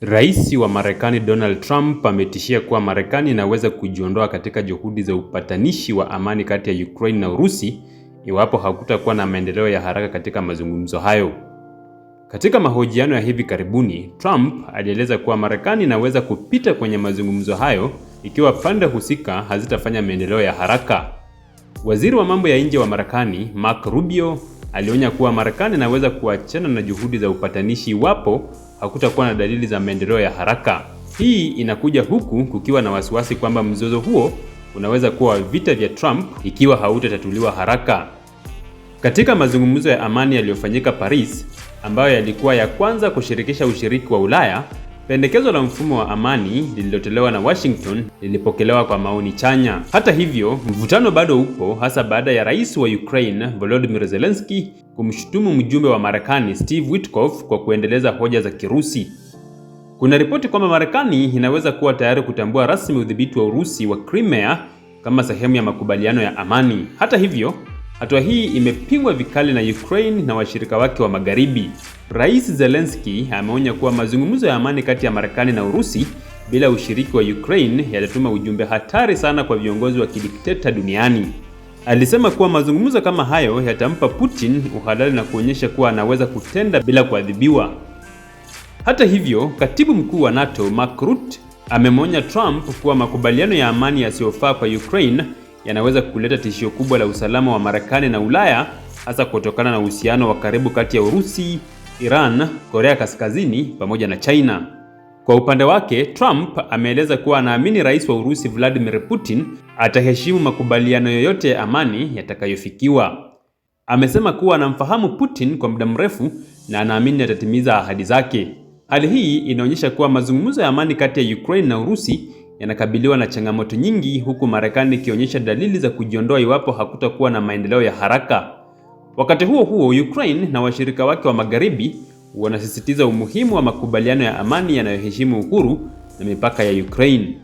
Rais wa Marekani Donald Trump ametishia kuwa Marekani inaweza kujiondoa katika juhudi za upatanishi wa amani kati ya Ukraine na Urusi iwapo hakutakuwa na maendeleo ya haraka katika mazungumzo hayo. Katika mahojiano ya hivi karibuni, Trump alieleza kuwa Marekani inaweza kupita kwenye mazungumzo hayo ikiwa pande husika hazitafanya maendeleo ya haraka. Waziri wa mambo ya nje wa Marekani Mark Rubio Alionya kuwa Marekani inaweza kuachana na juhudi za upatanishi iwapo hakutakuwa na dalili za maendeleo ya haraka. Hii inakuja huku kukiwa na wasiwasi kwamba mzozo huo unaweza kuwa vita vya Trump ikiwa hautatatuliwa haraka. Katika mazungumzo ya amani yaliyofanyika Paris, ambayo yalikuwa ya kwanza kushirikisha ushiriki wa Ulaya, Pendekezo la mfumo wa amani lililotolewa na Washington lilipokelewa kwa maoni chanya. Hata hivyo, mvutano bado upo, hasa baada ya rais wa Ukraine Volodymyr Zelensky kumshutumu mjumbe wa Marekani Steve Witkoff kwa kuendeleza hoja za Kirusi. Kuna ripoti kwamba Marekani inaweza kuwa tayari kutambua rasmi udhibiti wa Urusi wa Crimea kama sehemu ya makubaliano ya amani. Hata hivyo, Hatua hii imepingwa vikali na Ukraine na washirika wake wa Magharibi. Rais Zelensky ameonya kuwa mazungumzo ya amani kati ya Marekani na Urusi bila ushiriki wa Ukraine yatatuma ujumbe hatari sana kwa viongozi wa kidikteta duniani. Alisema kuwa mazungumzo kama hayo yatampa Putin uhalali na kuonyesha kuwa anaweza kutenda bila kuadhibiwa. Hata hivyo, katibu mkuu wa NATO Mark Rutte amemwonya Trump kuwa makubaliano ya amani yasiyofaa kwa Ukraine yanaweza kuleta tishio kubwa la usalama wa Marekani na Ulaya, hasa kutokana na uhusiano wa karibu kati ya Urusi, Iran, Korea Kaskazini pamoja na China. Kwa upande wake, Trump ameeleza kuwa anaamini rais wa Urusi Vladimir Putin ataheshimu makubaliano yoyote ya amani yatakayofikiwa. Amesema kuwa anamfahamu Putin kwa muda mrefu na anaamini atatimiza ahadi zake. Hali hii inaonyesha kuwa mazungumzo ya amani kati ya Ukraine na Urusi yanakabiliwa na changamoto nyingi, huku Marekani ikionyesha dalili za kujiondoa iwapo hakutakuwa na maendeleo ya haraka. Wakati huo huo, Ukraine na washirika wake wa magharibi wanasisitiza umuhimu wa makubaliano ya amani yanayoheshimu uhuru na mipaka ya Ukraine.